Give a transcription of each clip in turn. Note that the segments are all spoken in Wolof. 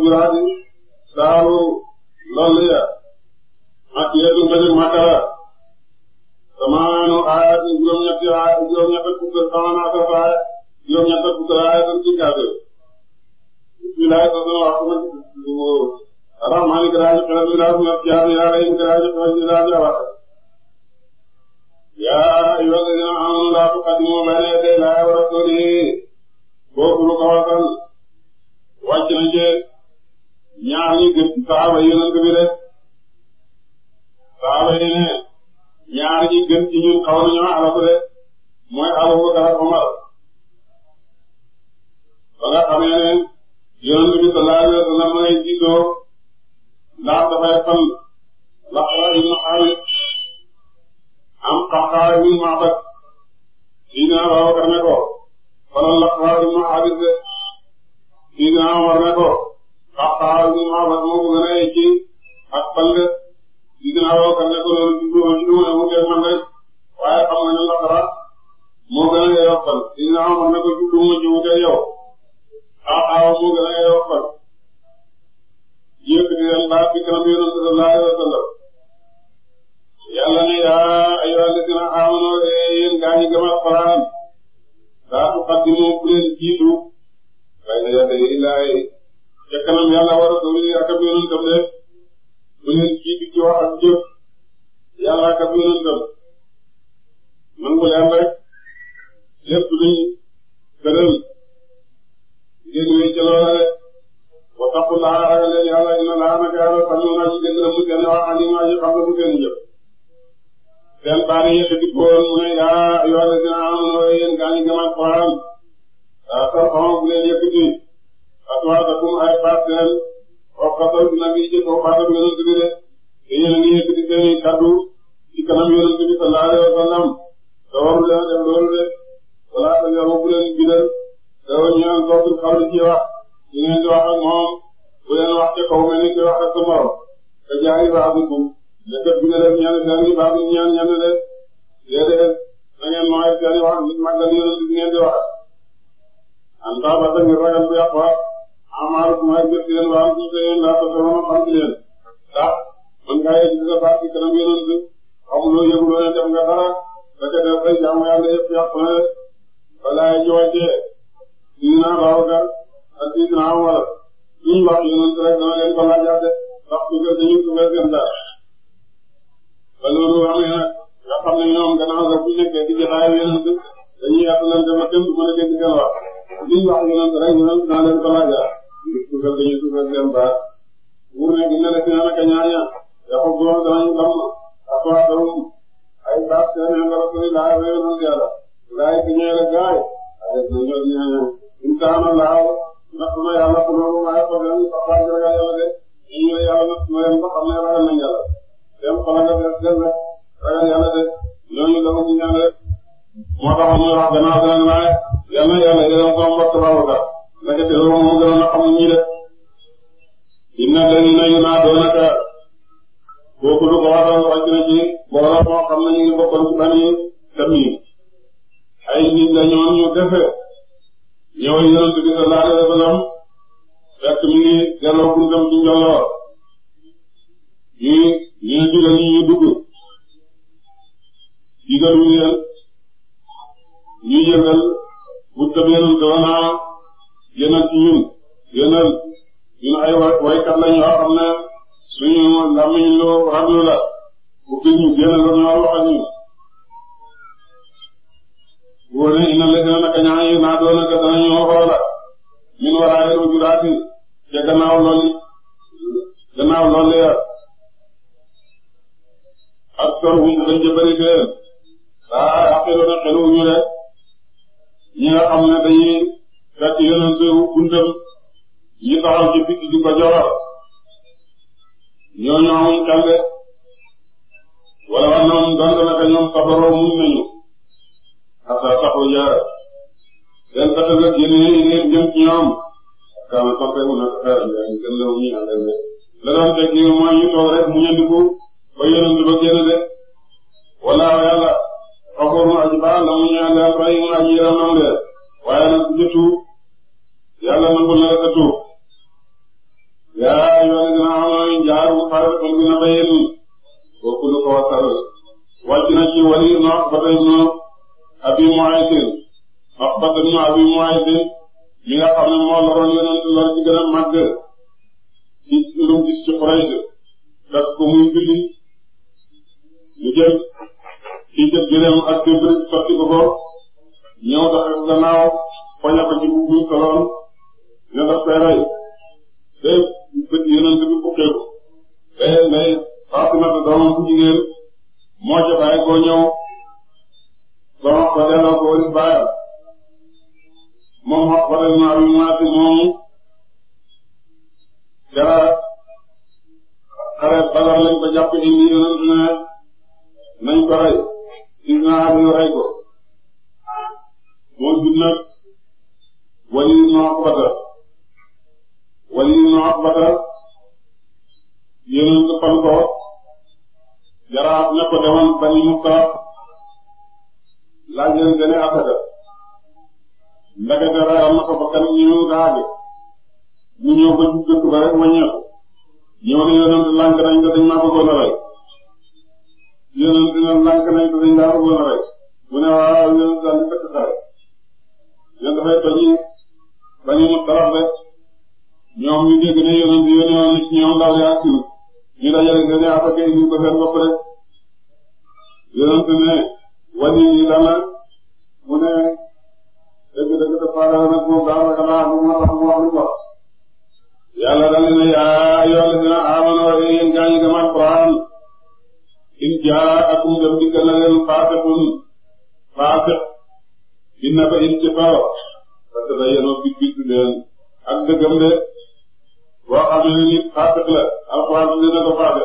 juraadi saaru loolu ya ak yeetu mbëri makara samaanu aaya juróom ñetti aaya juróom ñetti fukk samaanu ak aaya juróom ñetti fukk aaya tan ci kàddu bismillahi sasana waxtu ma arrahmaani kiraaji xelam ilaa suna kiyaani yaa rahim kiraaji xelam ilaa suna waxtu yaa ayyuhal ladina amanu laa tuqaddimu bayna yaday laahi wa rasuulihi boobu lu ko waxal wàcc na ci ñaar ñi gën saxaaba yonent bi rek saxaaba yi ñaar ñi gën ci ñun xaw nañoo alaku de mooy Abubakar ak Umar ba nga xamee ne yonent bi sallallahu alayhi wa sallam lay jiitoo ndax dafay fal Laqra ibn Xaalid am Qaxaa ibn Ma'bad Sidina Abubakar ne ko falal Laqra ibn Xaalid de Sidina Umar ne ko wax xatal dina ngi jëf wax xatal yonent bi de te yéen a ngi yëkkati seeni kaddu ci kanam yonent bi sallallahu alayhi wa sallam te waru leen de wala te yow bu leen bidal te wala ñu naan wax ñu leen di wax ak moom bu wax ca kaw ni di wax ak sa morom te jaay baaxutum lépp bi nga def ñaan seen i baaxut ñaan wax an baax ba sa ragal bu yàqu amaaru mooy jot ci leen waaw jot ci leen laa ko sama xam ci leen ndax mën ngaa yegg ci sa baax ci kanam yeneen bi xamuloo yëguloo ne def nga dara da ca def ay jaamu yàlla yëpp yàq na leen balaa yi ñu wàccee dina raw gar ak dina am wala suñ wax yeneen rek dana leen ko laaj de ndax su fekkee ñun su fekkee seen dara ba loolu amee nag nga xam ne ñoom gannaaw sax bu nekkee ci jotaay yeneen bi dañuy yàq leen dama kenn du mën a dégg seen wax suñ wax yeneen rek yeneen dana leen ko laaj ngir suufal dañuy suufal seen baat mu ne dina la si naan a ñaaña dafa góor danañu xam aswaatahum ay baat seen yàlla rasulilah wéyoon yàlla laay si la gaay ay na ñoo ñaaña intaan laaw natt na yàlla na leen ba xam ne ragal nañ yàlla dem xala rek ragal yàlla de ñooñu dafa ñu ñaan rek moo taxoon ñu wax gannaaw danañ waaye yàlla yàlla yéen a ko mbokk baalu ndekete loolu moo gënoon a xam ñi de inna ladina yunaadunaka kooku lu ko waral wàcc na ci mbooloo moo xam ne ñu ngi bokkoon ci bani Tamiim ay nit la ñoon ñu defe ñëw yonent bi sallallahu alayhi wa sallam fekk mi ngi delloo buntam ci njolloor ñu ñu ne digal ñu ñu dugg digaluñu leen ñu yëgal buntam yonent bi gënal ci ñun gënal ñun ay waykat lañ yoo xam ne suñu làmmiñ lu raglu la bu fi ñu gënal la ñoo wax ak ñun wone ina lëgëna naka ñaañu naa doona ka dana ñoo xoola min waraay ru juraati ca gannaaw lool gannaaw lool ya ak tor hum dañ ca bëri fee saa aqilu na xelu ñu rek ñi nga xam ne dañuy fekk yonente buntam ñi taxaw ci picc di ko joxar ñooñu amuñ xel de wala wax na moom donte naka ñoom sabaroo muñ nañu xataa taxu jaar seen fexe nag yéen ñi ngeen jëm ci ñoom kaana soppeeku nag xeer nga ñu gën la ñu àndal de la doon teg ñu mooy ñu toog rek muñandiku ba yonente ba génn de wala yàlla xafoor mu aji baax la mu ñaan daal bàyyi mu aji yaram nam de waaye nag ku ci tuub yàlla nangul na la sa tuub yaa ayyuhal lazina aamanu jaaru faratun min bayyin kooku lu ko wasal wàcc na ci wali na Uqbata ibnu Abi Muaysin Uqbata ibnu Abi Muaysin mi nga xam ne moo loroon yonent lor gën a màgg ci lu gis ci Quraysh fekk ko muy julli mu jël ci jëf jëleem ak kër sotti ko ko ñëw tax gannaaw poña ko ci bu buñ loon nga daf koy rey te bët yonent bi fukkee ko te mais moo ca bàyyi ñëw doomam ko delloo ko walis ko rek maa ngi ñaati moomu jara xare Badar lañ ko jàpp indi yonent ne nañ ko rey si naa ko moo jub nag wali moo ko wali ibn Utbata yonent fal ko jaraaf ne ko demal Bani Mustaliq laaj leen gën a asaka ndekete na ko ba kan ñëw daage mu ñëw ba dëkk ba rek wàññeeku ñëw ne yonent lànk nañ te dañ maa bëggoon a rey yonent ne ne waaw yonent daal di fekk xare yéen dafay toñi Bani Mustaliq rek ñoom ñu dégg ne yonent yi yónnee woon na ci ñoom ndaw ya ak ñu dajale seen yaa fekke indi ko seen bopp rek yonent ne wàññi yi lan la mu ne dëgg-dëgg dafa daal nag moom daal la ko laaj moom moo tax mu wax lu ko di ne yaa yool dina amano yéen gaa ñi gëm Alxuraan in na leen faasiqun ci baro parce que dañoo bit bit leen ak dëggam de boo xam ne nit xaafiq la alxuraan dina ko faabe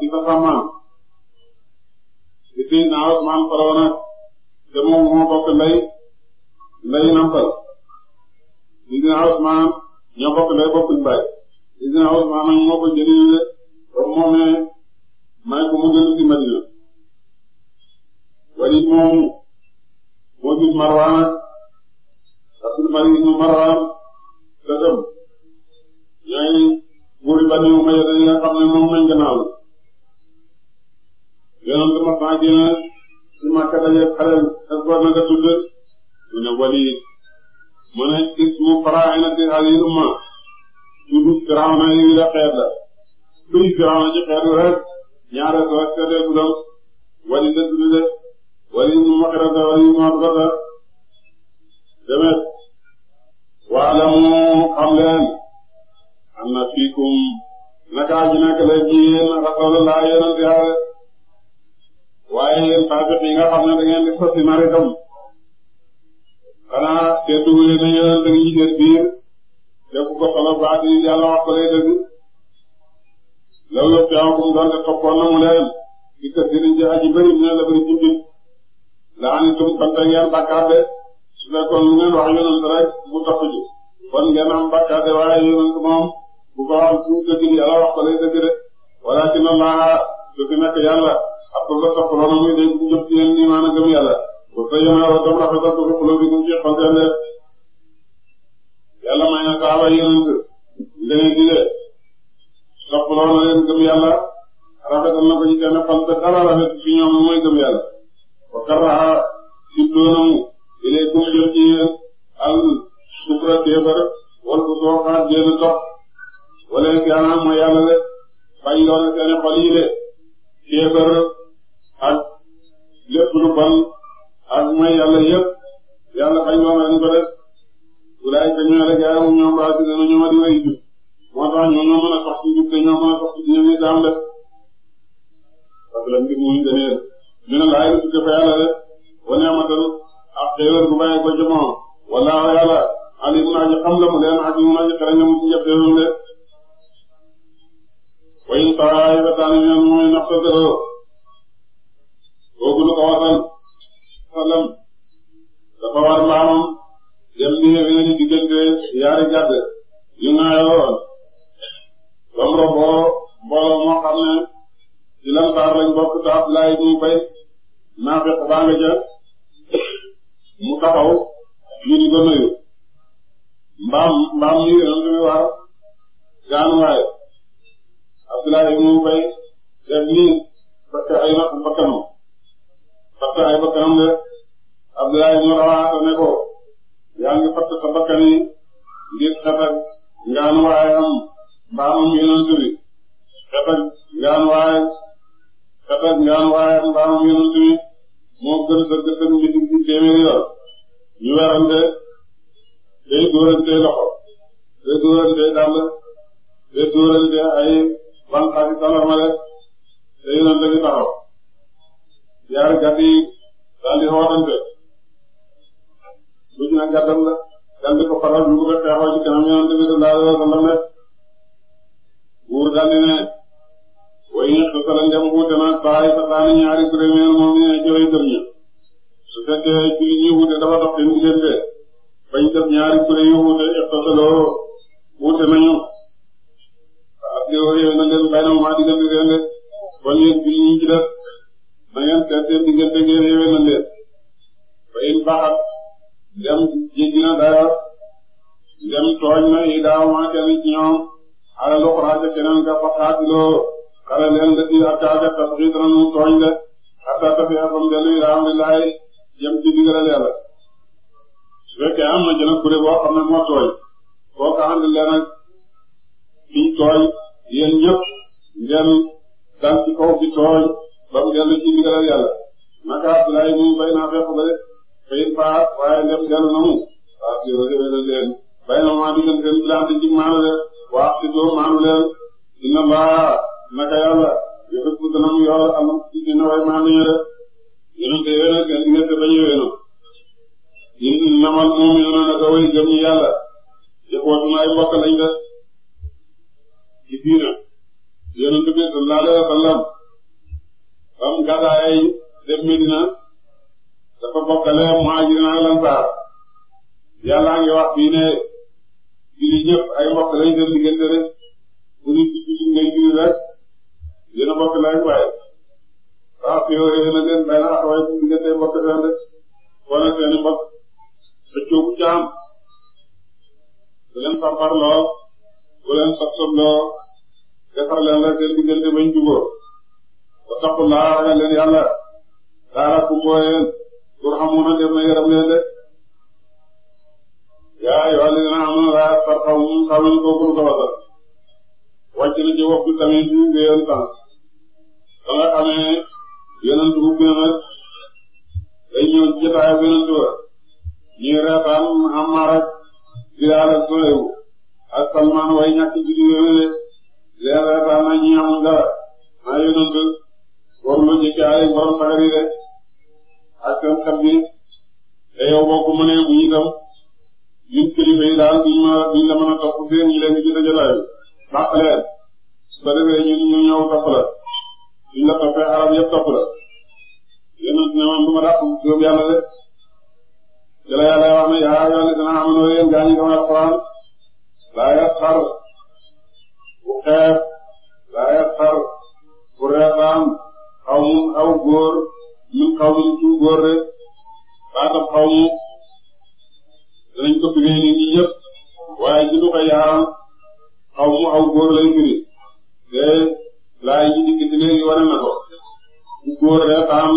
ci sa sàmmaan di naa Usmaan faraw te moom moo bokk lay lay nampal di naa Usmaan ñoo bokk lay bokkuñ baay di naa Usmaan moo ko jëlee comme moom ne may ko mu dellu Madina wali moom moo jur Marwaan Abdul Malik ibn Marwaan dëggam ñooy buuri Bani Umayya nga xam ne moom lañ gannaaw yonent ma faa génn ci Makka dajeeg xaleel est-ce que na nga tudd mu ne Waliid mu ne Firawna yi la xeet la tudd Firawna ci xeetu rek ñaare soo seetee ku doon Waliid la tudd de Waliid mu Mughirata Waliid mu Utbata demet waalamu xam leen am na fiikum naka ji nekk la ji yéen rasulullah yonent yàlla waaye yéen fasiq yi nga xam ngeen di sotti maritam xanaa te dugub yi dañuy yore dañuy seen biir def ko solo baat yi yàlla wax ko lay dëgg loolu teew bu doon te toppoon na mu leen di ko si liñ aji bëri mu ne bëri ci biir laa ne tum sant ngeen bàkkaar de su fekkoon ngeen wax yonent rek mu topp ji kon ngeen am bàkkaar de waaye yonent moom bu ko am suuf dëgg wax ko dëgg de walakin Allah su fi nekk yàlla. ak ku la topp loolu muy denc ñëpp ci yéen nii gëm yàlla bu fekkee ma war a doon ci xol de yàlla may na saaba yonent leneen di de topp loolu na leen gëm yàlla rafetal na ko ci seen xol te dara rafet ci ñoom mooy gëm yàlla wa karaha sibdoonamu ilaykum jëm ci yéen al sukra teefar wal bu soo xaar génn topp wala kaana mooy yàlla de bàyyi loolu seen xol yi de ay bakkanam fatt ay bakkanam de Abdoulaye ibn Rawaha ne ko yaa ngi fatt sa bakkan yi ngir xefek ngaan waaye am mbaamam yonent bi xefek ngaan waaye xefek ngaan waaye am mbaamam yonent bi moo gën sa gëstëm bi di di téeméeri yoon ñu werante day dóorante loxo day dóorante dàll day dóorante ay banqaasi tanormale te yonent bi taxaw yaari gàtt yi di xoolante lu ci nag gàttal la gan bi ko faral ñu ko xeexoo ci kanam yonent bi sallallahu alayhi wa sallam buur daal di ne way ñeq sala ndem wuute na baay fa taani ñaari kuréel moom ñu ne ci way gëm ña su fekkee ci li ñuy wuute dafa dox seen diggante bañ def ñaari kuréel yu wuute ixtasaloo wuute nañu waaw ak yow na leen bay na mu maa diggante kon yéen jullit ñi ci def na ngeen seet seen diggante ngeen yéwee na leen ba in baaxat dem jéggi na dayoo dem tooñ na yi daaw maa kenn ci ñoom ala lu xuraate keneen nga fa xaatiloo kala leen nga ci ak kaa def tasxiit ranu tooñ de xataa tafi afam dellu yi daaw lillaay jëm ci digal yàlla su fekkee am na ci nag kuréel boo xam ne moo tooñ boo ko ànd leen ak fiñ tooñ yéen ñëpp ngeen daan ci kaw bi tooy ba mu dellu ci ndigalal yàlla naka Abdoulaye mu bay naa fekk ba de fayin paas waaye ndem dellu na mu waaw yow dafay la leen bay na maa digal seen bilaante ci maanu leen waax ci doo maanu leen inna laa naka yàlla yëpp dana mu yor am ci dina way maanu ñu de yéen a ngi koy wéyal kenn nekk ba ñu wéyal ñun namal moom yéen a naka way gëm ñu yàlla yëpp wàllu ay mbokk lañ def ci diina. yonent bi sallallahu alayhi wa sallam ba mu gàddaay dem Medina dafa bokkale muhaajiriin ak ansaar yàlla ngi wax fii ne julli ñëpp ay mbokk lañ seen diggante rek bu nit ci julli ngay julli rek yéen a bokk la rek waaye waaw fi yow yéen a leen benn taxawaay bu diggante mbokk seen rek wala seen mbokk sa coobu caam bu leen farfarloo bu leen sob sobloo defar leen rek seen diggante bañ jubóo wattaqullaa ragal leen yàlla laalakum booyeen turhamuuna def na yërëm leen de yaa ayyuhal laziina aamanuu laa yasxar qawmun qawmin kufrun tawasaw wàcc na ci waxtu tamit bi ngeen tànn ba nga xamee yeneen dugub bi nag day ñëw ci jotaay ak yeneen tuura ñuy reetaan Ammaar ak Bilaal ak Suhayb ak Salmaan way ñàkk ci diggante leeral tax na ñi amul dara maa yonent warul a jëkk ay borom sagar yi de ak seen xel bi te yow boo ko mënee bu ñu dem ñun kilifa yi daal duñ ma duñ la mën a topp seen ñi leen di gis a jotaayu baax leen su ko defee ñun ñu ñëw topp la duñ la toppee arab yëpp topp la yonent ne man du ma dàq gëm yàlla de jëla yàlla wax ne yaa yoo ne dina amoon yéen gaañu sama alxuraan laa yàq xar xeex waaye xar bu reefaan xaw mu aw góor ñun xaw mu góor rek baatam xaw mu danañ ko firee nit ñi yëpp waaye ci lu ko aw góor lañ firi te laay ji dikk ci léegi wane na ko bu góor reefaan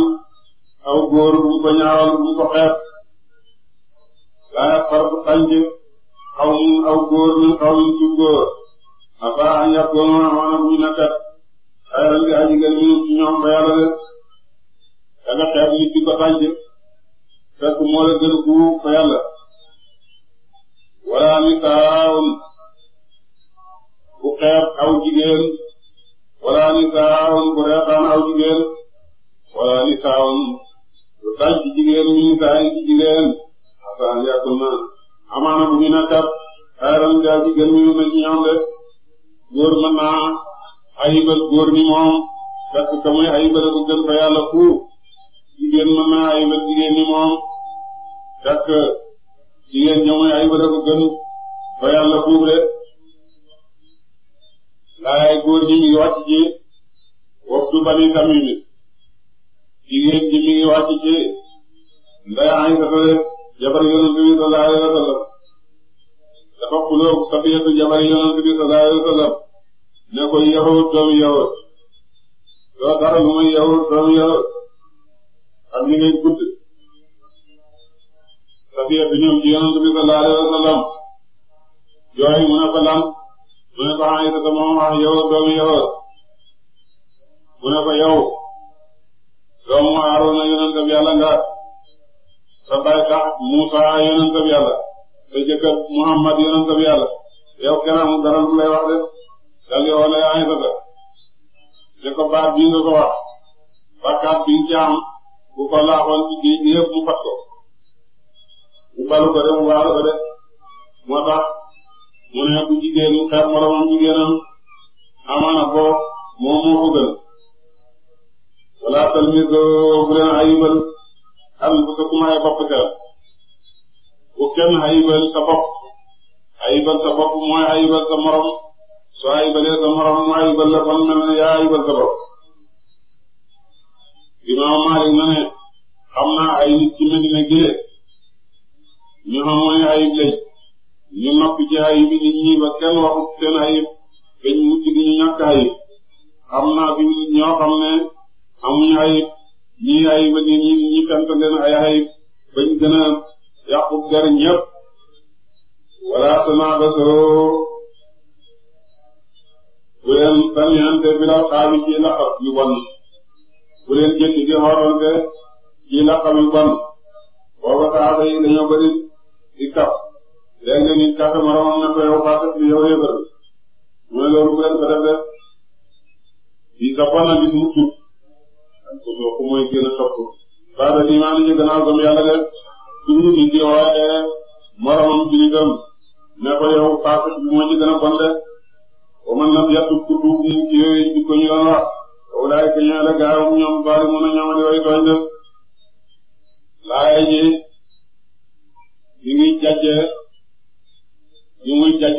aw góor bu ko ñaawal bu ko xeex waaye xar bu tànc xaw mu aw góor ñun xaw mu góor. afa an yakunu wala muy nakat xayran bi aji gën ñu ci ñoom ba yàlla de da nga xeeb nit di ko tànc fekk moo la gën ku fa yàlla wala nisaawun bu xeeb aw jigéen wala nisaawun bu reetaan aw jigéen wala nisaawun bu tànc jigéen mi nisaa yi ci jigéen afa an yakunu amaana bu ñu nakat xayran bi aji gën ñu ci ñoom de góor mën naa góor ni moom fekk ka muy ayibal ko gën jigéen mën naa jigéen ni moom fekk jigéen ña muy ayibal ko gën fa yàlla fuuf de laay góor ñi mi ngi wàcc ci bani tamim jigéen ñi mi ngi wàcc ci nday Aysata jabar Yonent bi sallallahu alayhi wa sallam faquloo Safiyatu jabari Yonent bi sallallahu alayhi wa sallam ne ko yahut doomu yahut doo dara lu muy yahut doomu yahut ak li ngay gudd Safiyatu ñëw ci Yonent bi sallallahu alayhi wa sallam jooy mu ne ko lan mu ne ko Aysa ta moom wax yahut doomu yahut mu ne ko yow doomu Haaruna Yonent bi Yàlla nga sa baay tax Muusaa Yonent bi Yàlla sa jëkkër Muhammad yonent bi yàlla yow kenn amul dara lu lay wax de dal yow lay Aysata ne ko baat bii nga ko wax bakkaat bi jaam bu ko laaxoon ci géej gi yëpp mu fat ko mu balu ko de mu baalu ko de moo tax mu ne bu jigéen ñi xeeb moromam jigéenam amaana ko moom moo ko gën wala talmiso bu leen ayibal al bu sa kuma ay bopp ca bu kenn ayibal sa bopp ayibal sa bopp mooy ayibal sa morom soo ayibalee sa morom mu ayibal la fan mel ne sa bopp Imaam Maalik na xam naa ay ci Medina gile ñu xam ayib lañ ñu noppi ci ayib ñi ba kenn waxut seen ayib bañ ñu ñàkk ayib xam naa fi ñoo xam ne amuñu ayib ñii ayib ñi ñi fent ayib bañ gën a yàqub jariñ yëpp wala tanaabaso bu leen sànniyante bilal xaabi ci laqab yu bon bu leen jékki di xoolante ci laqab yu bon booba saaba yi dañoo bëri di kaf léegi nit kafe moromam ne ko yow fàtte bi yow yëgal mu ne loolu bu leen def def di sa bon a gis mu tuut ko mooy gën a topp baada imaan def suñu nit yi waaye moromam jullitam ne ko yow faafat bi moo ci gën a bon de wa man lam yatub ku mu ci yooyu jikko ñu doon wax walaay ka ñëw la ñoom baari mun a ñoom di way tooñ de ji mi ngi jàcce ñu yëpp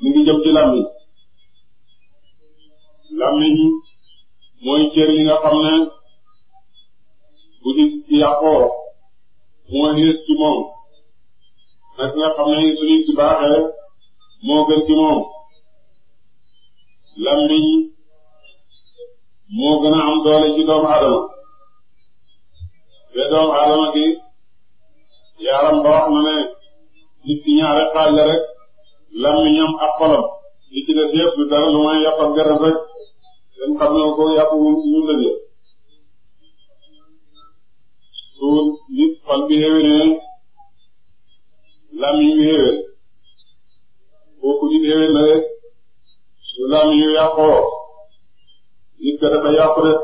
mi ngi jëm ci làmmiñ mooy cër yi nga xam ne bu ci moo xiis ci moom nag nga xam ne suñu ci baaxee moo gën ci moom lammiñ moo gën a am doole ci doomu adama te doomu adama gi yaaram ba wax na ne nit ki ñaare xaaj la rek lammiñam ak xolam li ci des yëpp dara lu may yàpp ak gërëm rek seen xam ne ko yàpp wu ñu lëjee suuf nit xol bi xéwénee lamiñ bi xéwén foofu nit xéwén na rek su lamiñ yu yàqoo nit ka dafa yàqu rek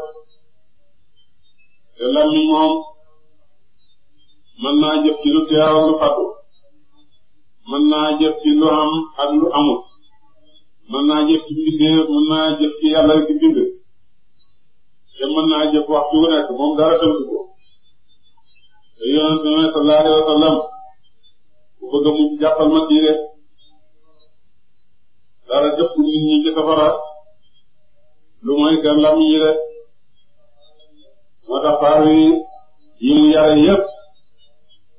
te moom mën naa jëf ci lu teew lu fatu mën naa jëf ci lu am ak lu amut mën naa jëf ci mbindeef mën naa jëf ci yàlla ci bind te mën naa jëf waxtu nekk moom dara tënk ko te yonent bi sallallahu alayhi wa sallam bu ko gëmu ci jàppal ma kii de dara jëpp nit ñi ci safara lu mooy gan lam yi de moo tax faar yi yi mu yare yëpp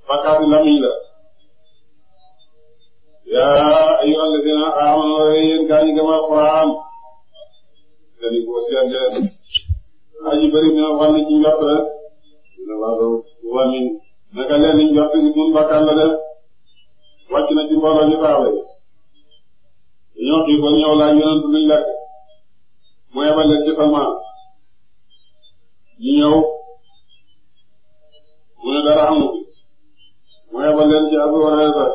bakkaati lam yi la yaa ayyuhal ladina amanu yéen gaa ñi gëmal Alxuraan te ni ko seen de aji bëri mi na wàll ci njort rek dina waaw wamin naka leen niñ jox ci suñu bakkan la def wàcc na ci mbooloo ñu saaba yi ñoo xii ko ñëw laaj yonent luñ lekk mu yebal leen ci Salmaan ñu ñëw mu ne dara amu fi mu yebal leen ci Abu Hurayra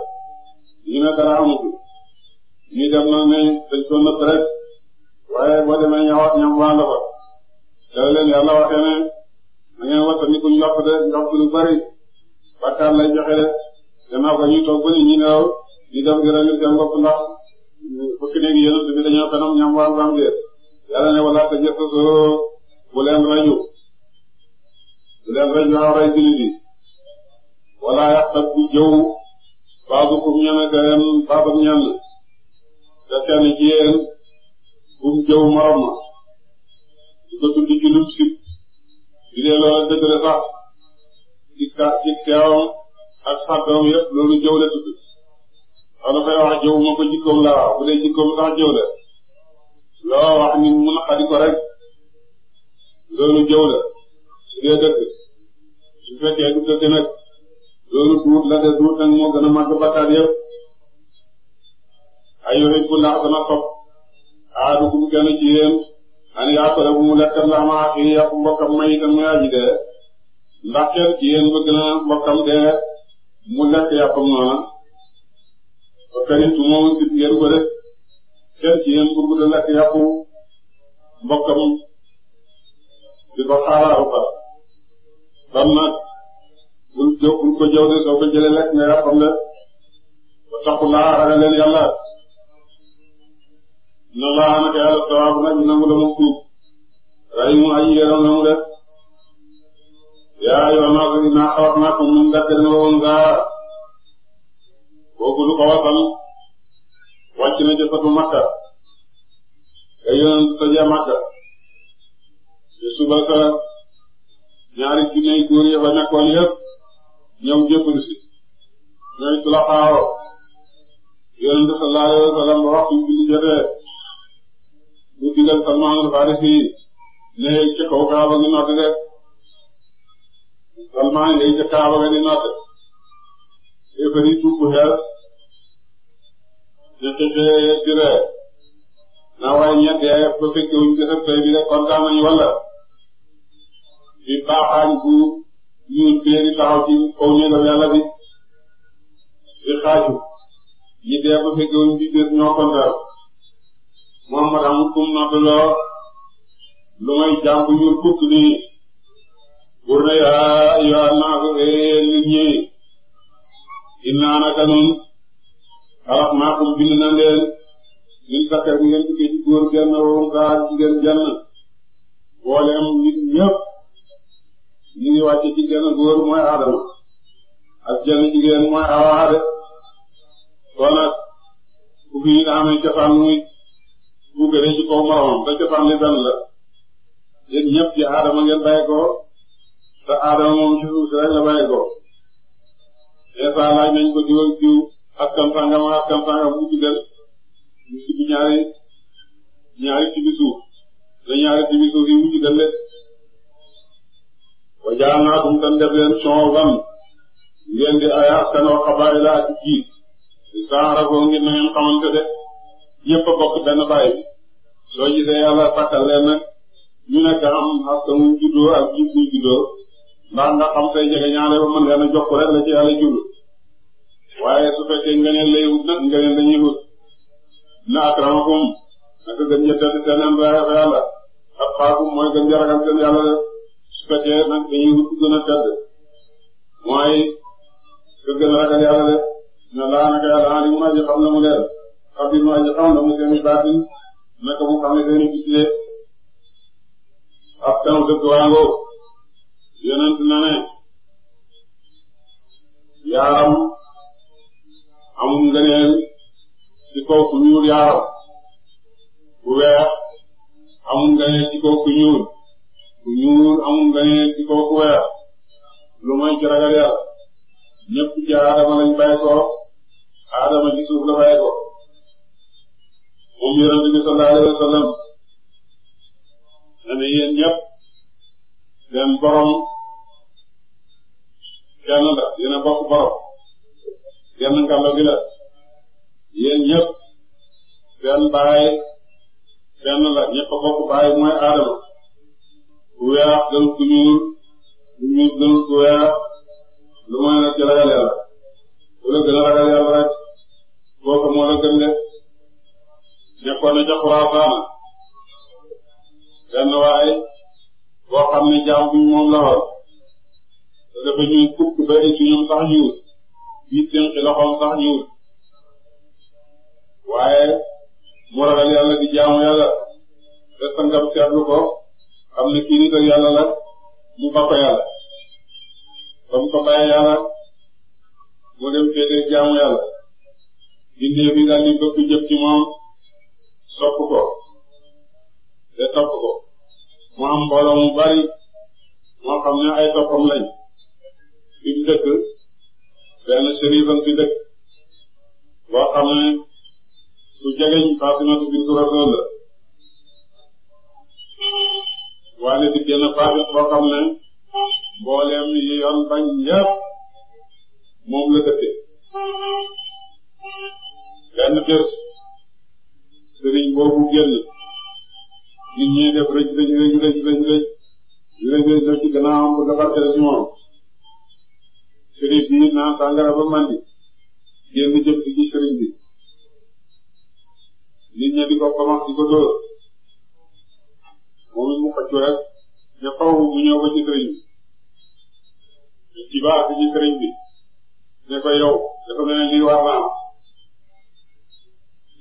ñu ne dara amu fi ñu dem nag ne dañ ko nëpp rek waaye boo demee ña wax ñam waan la fa leen yàlla waxee ne dañoo wattandiku njort de njort lu bari bakkaar lay joxe de gannaaw ko ñuy toog ba nit ñi nelaw di def di rënd seen bopp ndax fukki néegi yonent bi dañoo fenam ñam waar baam déet ne wala tajassasu bu leen rëju bu leen rëju aw rëy jullit yi wala yaqtab bu jëw baadukum ñeme seen baadum ñenn te kenn ci yéen bu mu jëw morom ma di sib bu dee loola dëgg la sax ci ka ci teewam ak sàbbam yëpp loolu jëw la tudd wala fay wax jëw ma ko jikkoom la waaw bu dee jikkoom sax jëw la loo wax ni mun a xadi ko rek loolu jëw la bu dee dëgg su fekkee du dëgg nag loolu duut la de duut nag moo gën a màgg bakkaat yëpp ay yoxit bu laax dana sopp aadu bu kenn ci yéen an yaa mu lekk laama ak yàqu mbokkam may itam muy aji dee ndax kenn ci yéen na mbokkam dee mu lekk yàppam noona ba këriñ su moom gis ngeen ko kenn ci yéen lekk yàqu mbokkam di ko xaaraaru fa kon nag bul jóg ko jëw de soo ko lekk nga yàppam de ba taxu laa ragal leen yàlla inna Allaha naka yàlla tawaabu nag nangu la mu tuub rahimu aji yërëm mu def yaa yoon naa ko naa xawaat naa ko mun nga tënk woon ngaa kooku lu ko wasal wàcc na ca satu Makka te yonent saja Makka te suba sa ñaari junne góor ya fa nekkoon yëpp ñëw jëppal si ñooy su la xaaroo yonent sallallahu alayhi wa sallam wax bi julli jotee mu bindal Salmaanul Faarisi ne ca kaw Kaaba gi noot de Salmaan ngay ca Kaaba ga di noot éfari tuub xeer di xixee di ree naa waaye ñett yaay ba fekke wuñ gësëb tey bi de kontaan nañu walla di baaxaañ bu ñuul bee di taxaw ci kaw ñëgal yàlla bi di xaaju ñi dee ba fekke wuñ ci bés ñoo kontaan moom moo tax mu kum noddloo lu may jàmm ñu fukk ni pour ne yaa yaa naa ko ee nit ñi innaa naka nun xalaat naa ko na leen ñun fexe bu ngeen tukkee góor genn woon jigéen genn booleem nit ñëpp ñu ngi góor mooy aadama ak jenn jigéen mooy awaade kon nag ku fi amee cosaan muy buukaree ci kaw moromam te cosaan li la yéen ñëpp ci aadama ngeen bàyyi ko te aadama moom ci suuf rek la bàyyi ko eesa laaj nañ ko diw ak diw askan sangam ak askan sangam bu tuddal ñu ci ñaari ñaari tibi suuf ñaari tibi suuf mu tuddal lépp wa jaa naa tum tan def leen sooban ngeen di ay askanoo xabaay la ak jiit saa arafoo ngir na ngeen xamante de ñëpp a bokk benn bàyyi soo gisee yàlla takkal leen nag ñu nekk am askan wu juddoo ak jiw juddoo ndax nga xam say jege ñaare ba mën leen a jokk rek la ci yàlla jublu waaye su fekkee nga lay wut nag nga dañuy wut na akramakum naka gën ja tedd seen en vrai fa yàlla atqaakum mooy gën ja ragal yàlla def su fekkee nag dañuy wut gën a tedd mooy ka gën a ragal yàlla def na laa naka yàlla alim aji xam na mu leer xabir mu aji xam na mu seen baatin naka bu xam ne dañu gisee ab kanu dëkk waango yonent na ne yaaram amul ngëneel ci kaw ku ñuul yaaram ku weex amul ngëneel ci kaw ku ñuul ku ñuul amul ngëneel ci kaw ku weex lu may ci ragal yàlla ñëpp ci aadama lañ bàyyi ko aadama ci suuf la bàyyi ko moom yonent bi sallallahu alayhi wa sallam ñëpp seen borom kenn la yéen bokk borom genn ngàllo gi la yéen ñëpp seen baay kenn la ñëpp bokk baay mooy Adama ku weex gën ku ñuul ku lu mooy nag ci ragal ca xuraafaana benn waaye boo xam ne jaam buñ moom la woon te dafa ñuul kukk bari sax ñuul biit seen sax ñuul waaye mu ragal yàlla di jaamu yàlla te sangam seetlu ko xam ne kii yàlla la mu ba yàlla ba mu yàlla mu dem féetee jaamu yàlla bindee daal di bëgg jëf moom sopp ko te sopp ko mu am mbooloo bari moo xam ne ay toppam lañ fi mu dëkk benn sérifam fi dëkk boo xam ne su jegeñ Faatimatu bintu Rasuul la waale di génn faafit boo xam ne mbooleem yi yoon bañ yépp moom la dëkke benn bés génn nit ñi def rëcc rëcc rëcc rëcc rëcc rëcc rëcc rëcc rëcc gannaawam pour defarteel ci moom sëriñ bi naan sàngara ba mandi génn jëf ci sëriñ bi nit ñi di ko commencé di ko dóor moom it mu xëcc rek ne xaw bu ñëw ba ci sëriñ bi ci baax bi ci sëriñ bi ne ko yow dafa mel ni lii war naa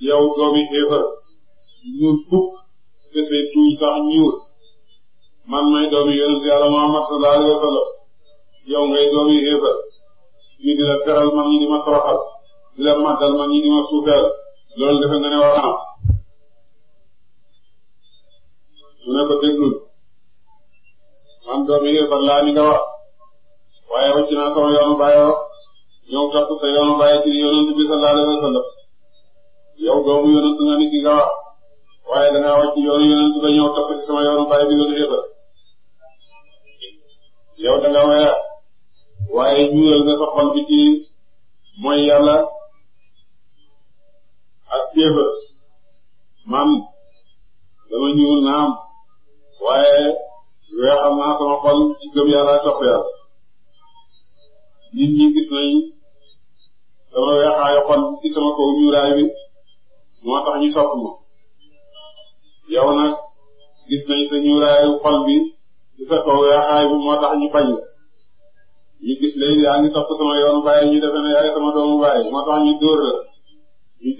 yow doomi xéefar ñuul kukk te say tuuñ sax ñuul man may doomi yonent yàlla Muhammad sallallahu alayhi wa sallam yow ngay doomi xéefal ñu di la teral man ñi ma toroxal di la màggal man ñi ma suufeel loolu defe nga ne war am su ne ko déglul man doomi xéefal laa ni nga wax waaye wacc naa sama yoonu bàyyoo ñëw topp sa yoonu bàyyi ci yonent bi sallallahu wa sallam yow doomu yonent nga ni ki wax waaye da ngaa wàcc yoonu yonent ba ñëw topp ci sama yoonu baay bi nga duggee ba yow da nga wéya waaye ñuural nga sa xol bi ci mooy yàlla ak kéefa man dama ñuul naam waaye weexal naa sama xol ci gëm yàlla topp yàlla nit ñi gis nañ sama weexaayu xol ci sama kaw ñuuraay bi moo tax ñu topp ma yow nag gis nañ sa ñuulaayu xol bi di sa kaw weexaay bu moo tax ñu bañ ñu gis léegi yaa ngi topp sama yoonu bàyyi ñu defe ne yaay sama doomu bàyyi moo tax ñu dóor la ñu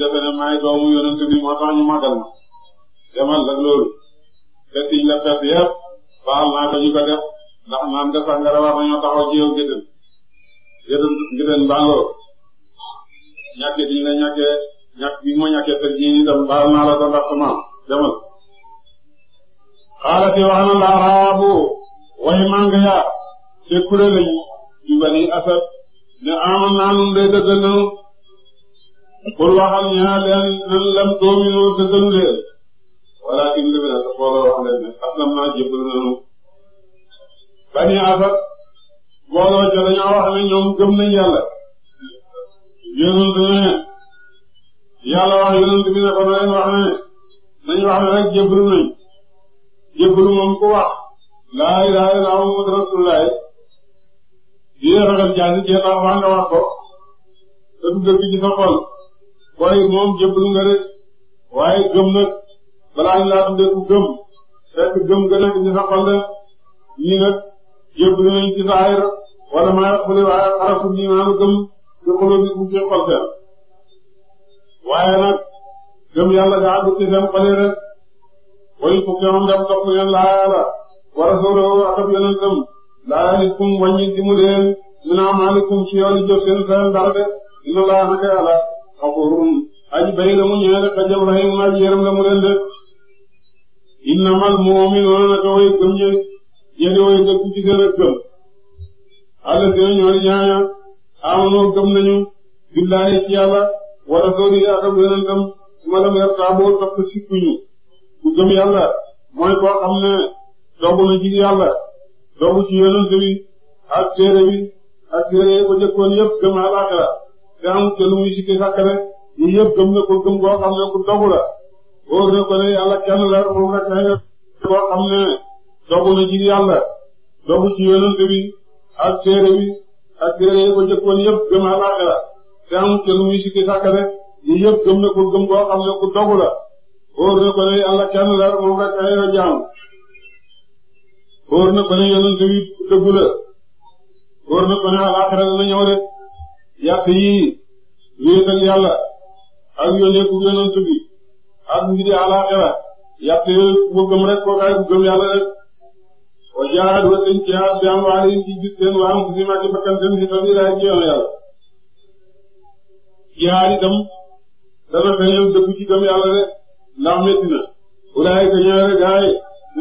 defe ne maay doomu yonent bi moo tax ñu màggal ma demal nag loolu te tiñ la fes yëpp baal naa ko ñu ko def ndax naan nga sàngara war nañoo taxaw ci yow gétën gétën gétën bangoo ñàkke la ñàkkee ñàkk bi ma ñàkkee sa ji dem baal naa la sa ndax maam demal xaalati wax na la araabu way manga ya te kuréel lañu ñu bani asad ne aman naa nun de dëggal nanu pour waxal ñaa leen nan lam doominu dëggalu leen walakin li bi na sa xoolal wax leen ne aslam naa jébbalu nanu bani asad booloo ca dañoo wax ne ñoom gëm nañ yàlla yéenul dana yàlla wax yonent bi ne ko na leen wax ne nañu wax ne rek jébbalu nañ jébbalu moom ku wax laa ilaaha illallaah muhammadu rasuulullaah di rafet jaasi jéem a wax nga wax ko te du dëgg ci sa xol koy moom jébbalu nga rek waaye gëm nag balaa ñu laa tuddee ku gëm fekk gëm nga nekk ci sa xol de ñii nag jébbalu nañ ci sa ayir wala maa yaqulu waaye xarafu ñi maanu gëm ci xoloo bi bu ci xol waaye nag gëm yàlla nga àgg ci seen xol rek way fukki moom dem topp ngeen laala wa rasulahu ak ab yonentam laalikum wàññi dimu leen min amaalikum ci yoon jëf seen seen dara de inna laa naka yàlla xafurum aji bay la mu ñëwee rek a jëm rahim aji yërëm la mu leen de innamal mu'minuuna naka way gëm ñe yéen way dëkk ci seen ak gëm àll seen ñoori ñaaya amonoo gëm nañu billaahi ci yàlla wala soobi ak ak yonentam su yar taaboo tax na sikkuñu gëm yàlla mooy koo xam ne dogu na ci yàlla dogu ci yonent bi ak téere bi ak téere ko jëkkoon yëpp gëm alaaxira te ne ko ne yàlla kenn la moom rek ay koo xam ne dogu na ci yàlla dogu ci yonent bi ak téere bi ak téere ko jëkkoon yëpp gëm alaaxira te amul kenn muy sikki sàkk de lii yëpp gëm na ko gëm koo xam ne ku dogu na ko ne kenn la moom rek ay yoo jaam wóor na ko ne yonent wi dëggu la wóor na ko ne alaaxira dana ñëw de yàq yii wéetal yàlla ak yónneeku yonent bi ak mbiri alaaxira yàq yooyu ku gëm rek koo kay ku gëm yàlla rek wa jaahadu wa seen jihaad bi am waale yi ci gis seen waa am si ma ci bakkan seen si tabiiraay ci yoon yàlla jihaad itam dana feeñal dëggu ci gëm yàlla rek ndax métti na ulaay ka ñëwee rek gaay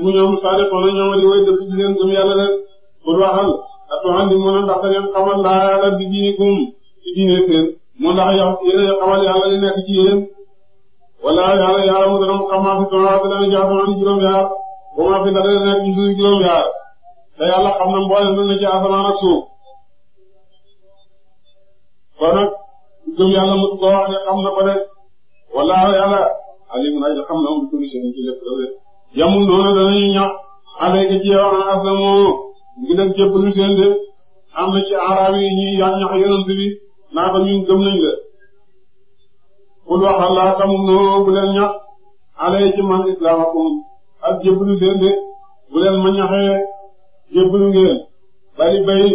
mu ñoom saadiqoona ñoom di way dëggu ci seen gëm yàlla rek pour waxal atuhandi mu ne ndax da ngeen xamal laa yàlla bi diinikum ci diine seen mu ndax yow yéen a xamal yàlla li nekk ci yéen wala yàlla yàlla mu dana xamaa fi sama dana jaasamaan juróom yaar xamaa fi dana nekk ci suuf juróom yaar te gëm yàlla mu ko wax ne xam na ko de wallaahu yàlla alim na xam na mu turi seen ci lépp de yamul loolu danañu ñax alayka ci yow an aslamu ngi dem jébbalu seen de am na ci arab yi ñuy ya ñax yonent bi naa ko ñun gëm nañ de kul wax allah tamum no bu leen ñax alay ci man islamakum ak jébbalu seen de bu leen ma ñaxee jébbalu ngeen bari bay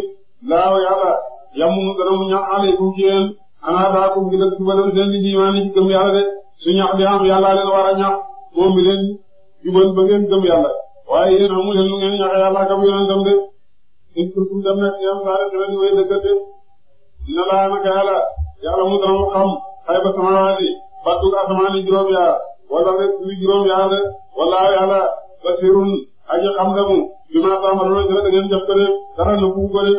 laaw yàlla yamul dana mu ñax alaykum ci yéen xanaa saa kum gi def jubalal leen di jiwaan ci gëm yàlla de su ñax bi am yàlla leen war a ñax moom mi leen jubal ba ngeen gëm yàlla waaye yéen amu leen lu ngeen ñax yàlla ak ab yonentam de in kuntum dem nekk yam saa def leen way dëkkate dina laa naka yàlla yàlla mu dana mu xam xay ba samawaati battuk asamaani juróom yaa wala rek suy juróom yaa de wala yàlla basirun aji xam la mu bi ma sàmmal loolu si la da ngeen jëf ko de dara nëbbu ko de